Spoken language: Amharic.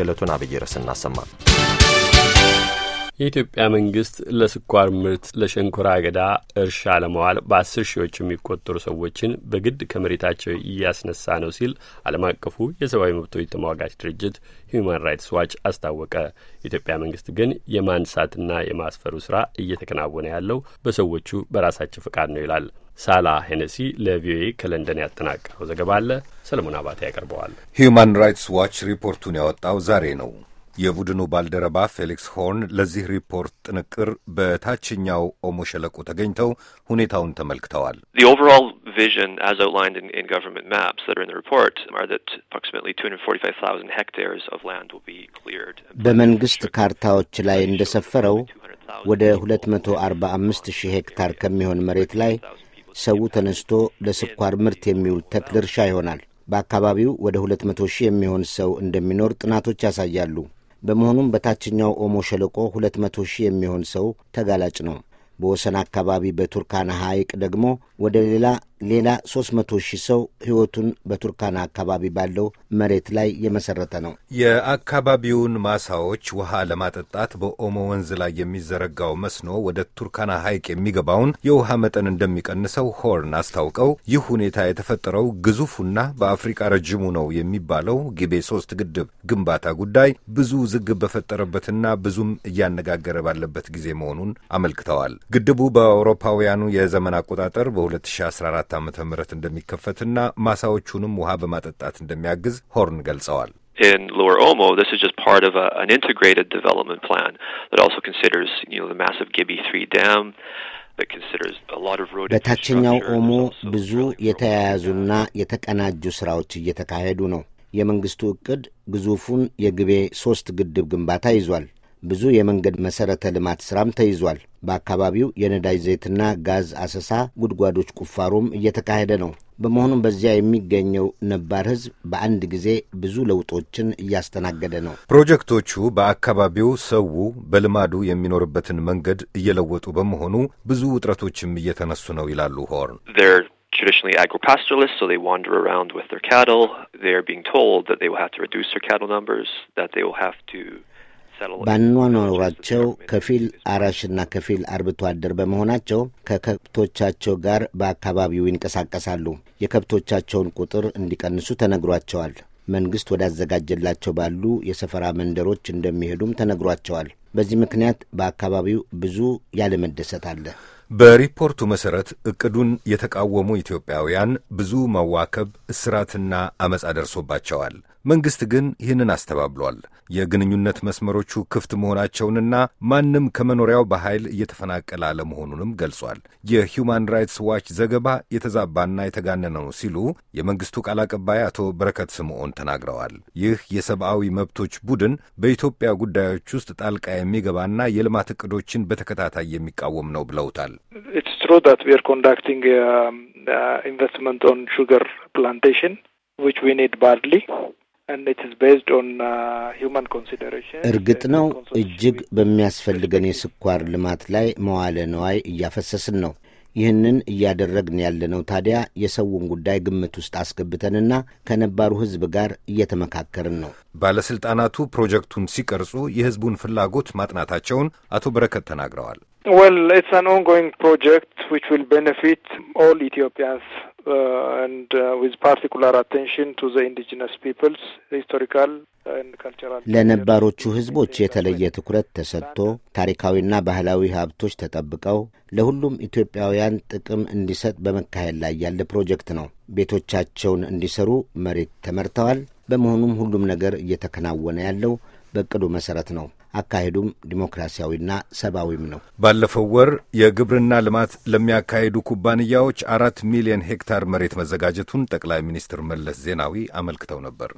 የዕለቱን አብይ ርዕስ እናሰማ። የኢትዮጵያ መንግስት ለስኳር ምርት ለሸንኮራ አገዳ እርሻ ለመዋል በአስር ሺዎች የሚቆጠሩ ሰዎችን በግድ ከመሬታቸው እያስነሳ ነው ሲል ዓለም አቀፉ የሰብአዊ መብቶች ተሟጋች ድርጅት ሂዩማን ራይትስ ዋች አስታወቀ። የኢትዮጵያ መንግስት ግን የማንሳትና የማስፈሩ ስራ እየተከናወነ ያለው በሰዎቹ በራሳቸው ፈቃድ ነው ይላል። ሳላ ሄነሲ ለቪኦኤ ከለንደን ያጠናቀረው ዘገባ አለ። ሰለሞን አባቴ ያቀርበዋል። ሂዩማን ራይትስ ዋች ሪፖርቱን ያወጣው ዛሬ ነው። የቡድኑ ባልደረባ ፌሊክስ ሆርን ለዚህ ሪፖርት ጥንቅር በታችኛው ኦሞ ሸለቆ ተገኝተው ሁኔታውን ተመልክተዋል። በመንግስት ካርታዎች ላይ እንደሰፈረው ወደ 245 ሄክታር ከሚሆን መሬት ላይ ሰው ተነስቶ ለስኳር ምርት የሚውል ተክል እርሻ ይሆናል። በአካባቢው ወደ 200 የሚሆን ሰው እንደሚኖር ጥናቶች ያሳያሉ። በመሆኑም በታችኛው ኦሞ ሸለቆ 200 ሺህ የሚሆን ሰው ተጋላጭ ነው። በወሰን አካባቢ በቱርካና ሐይቅ ደግሞ ወደ ሌላ ሌላ 300 ሺህ ሰው ሕይወቱን በቱርካና አካባቢ ባለው መሬት ላይ የመሰረተ ነው። የአካባቢውን ማሳዎች ውሃ ለማጠጣት በኦሞ ወንዝ ላይ የሚዘረጋው መስኖ ወደ ቱርካና ሐይቅ የሚገባውን የውሃ መጠን እንደሚቀንሰው ሆርን አስታውቀው፣ ይህ ሁኔታ የተፈጠረው ግዙፉና በአፍሪቃ ረጅሙ ነው የሚባለው ጊቤ ሶስት ግድብ ግንባታ ጉዳይ ብዙ ዝግብ በፈጠረበትና ብዙም እያነጋገረ ባለበት ጊዜ መሆኑን አመልክተዋል። ግድቡ በአውሮፓውያኑ የዘመን አቆጣጠር በ2014 2014 ዓ ም እንደሚከፈትና ማሳዎቹንም ውሃ በማጠጣት እንደሚያግዝ ሆርን ገልጸዋል። in Lower Omo, this is just part of a, an integrated development plan that also considers, you know, the massive Gibby 3 dam that considers a lot of road በታችኛው ኦሞ ብዙ የተያያዙና የተቀናጁ ስራዎች እየተካሄዱ ነው። የመንግስቱ እቅድ ግዙፉን የግቤ ሶስት ግድብ ግንባታ ይዟል። ብዙ የመንገድ መሠረተ ልማት ሥራም ተይዟል። በአካባቢው የነዳጅ ዘይትና ጋዝ አሰሳ፣ ጉድጓዶች ቁፋሮም እየተካሄደ ነው። በመሆኑም በዚያ የሚገኘው ነባር ሕዝብ በአንድ ጊዜ ብዙ ለውጦችን እያስተናገደ ነው። ፕሮጀክቶቹ በአካባቢው ሰው በልማዱ የሚኖርበትን መንገድ እየለወጡ በመሆኑ ብዙ ውጥረቶችም እየተነሱ ነው ይላሉ ሆርን። traditionally agropastoralists, so they wander around with their cattle. They are being told that they will have to reduce their cattle numbers, that they will have to ባኗኗራቸው ከፊል አራሽና ከፊል አርብቶ አደር በመሆናቸው ከከብቶቻቸው ጋር በአካባቢው ይንቀሳቀሳሉ። የከብቶቻቸውን ቁጥር እንዲቀንሱ ተነግሯቸዋል። መንግሥት ወዳዘጋጀላቸው ባሉ የሰፈራ መንደሮች እንደሚሄዱም ተነግሯቸዋል። በዚህ ምክንያት በአካባቢው ብዙ ያለመደሰት አለ። በሪፖርቱ መሠረት እቅዱን የተቃወሙ ኢትዮጵያውያን ብዙ መዋከብ፣ እስራትና አመፃ ደርሶባቸዋል። መንግሥት ግን ይህንን አስተባብሏል። የግንኙነት መስመሮቹ ክፍት መሆናቸውንና ማንም ከመኖሪያው በኃይል እየተፈናቀለ አለመሆኑንም ገልጿል። የሂውማን ራይትስ ዋች ዘገባ የተዛባና የተጋነነ ነው ሲሉ የመንግሥቱ ቃል አቀባይ አቶ በረከት ስምዖን ተናግረዋል። ይህ የሰብአዊ መብቶች ቡድን በኢትዮጵያ ጉዳዮች ውስጥ ጣልቃ የሚገባና የልማት እቅዶችን በተከታታይ የሚቃወም ነው ብለውታል። ኢንቨስትመንት ኦን ሹገር ፕላንቴሽን ዊች ዊ ኒድ ባድሊ Uh, እርግጥ ነው እጅግ በሚያስፈልገን የስኳር ልማት ላይ መዋለ ነዋይ እያፈሰስን ነው። ይህንን እያደረግን ያለነው ታዲያ የሰውን ጉዳይ ግምት ውስጥ አስገብተንና ከነባሩ ሕዝብ ጋር እየተመካከርን ነው። ባለስልጣናቱ ፕሮጀክቱን ሲቀርጹ የሕዝቡን ፍላጎት ማጥናታቸውን አቶ በረከት ተናግረዋል። ዌል ኢትስ አን ኦንጎይንግ ፕሮጀክት ዊች ዊል ቤኔፊት ኦል ኢትዮጵያንስ። Uh, uh, ለነባሮቹ ህዝቦች የተለየ ትኩረት ተሰጥቶ ታሪካዊና ባህላዊ ሀብቶች ተጠብቀው ለሁሉም ኢትዮጵያውያን ጥቅም እንዲሰጥ በመካሄድ ላይ ያለ ፕሮጀክት ነው። ቤቶቻቸውን እንዲሰሩ መሬት ተመርተዋል። በመሆኑም ሁሉም ነገር እየተከናወነ ያለው በእቅዱ መሰረት ነው። አካሄዱም ዲሞክራሲያዊና ሰብአዊም ነው። ባለፈው ወር የግብርና ልማት ለሚያካሄዱ ኩባንያዎች አራት ሚሊዮን ሄክታር መሬት መዘጋጀቱን ጠቅላይ ሚኒስትር መለስ ዜናዊ አመልክተው ነበር።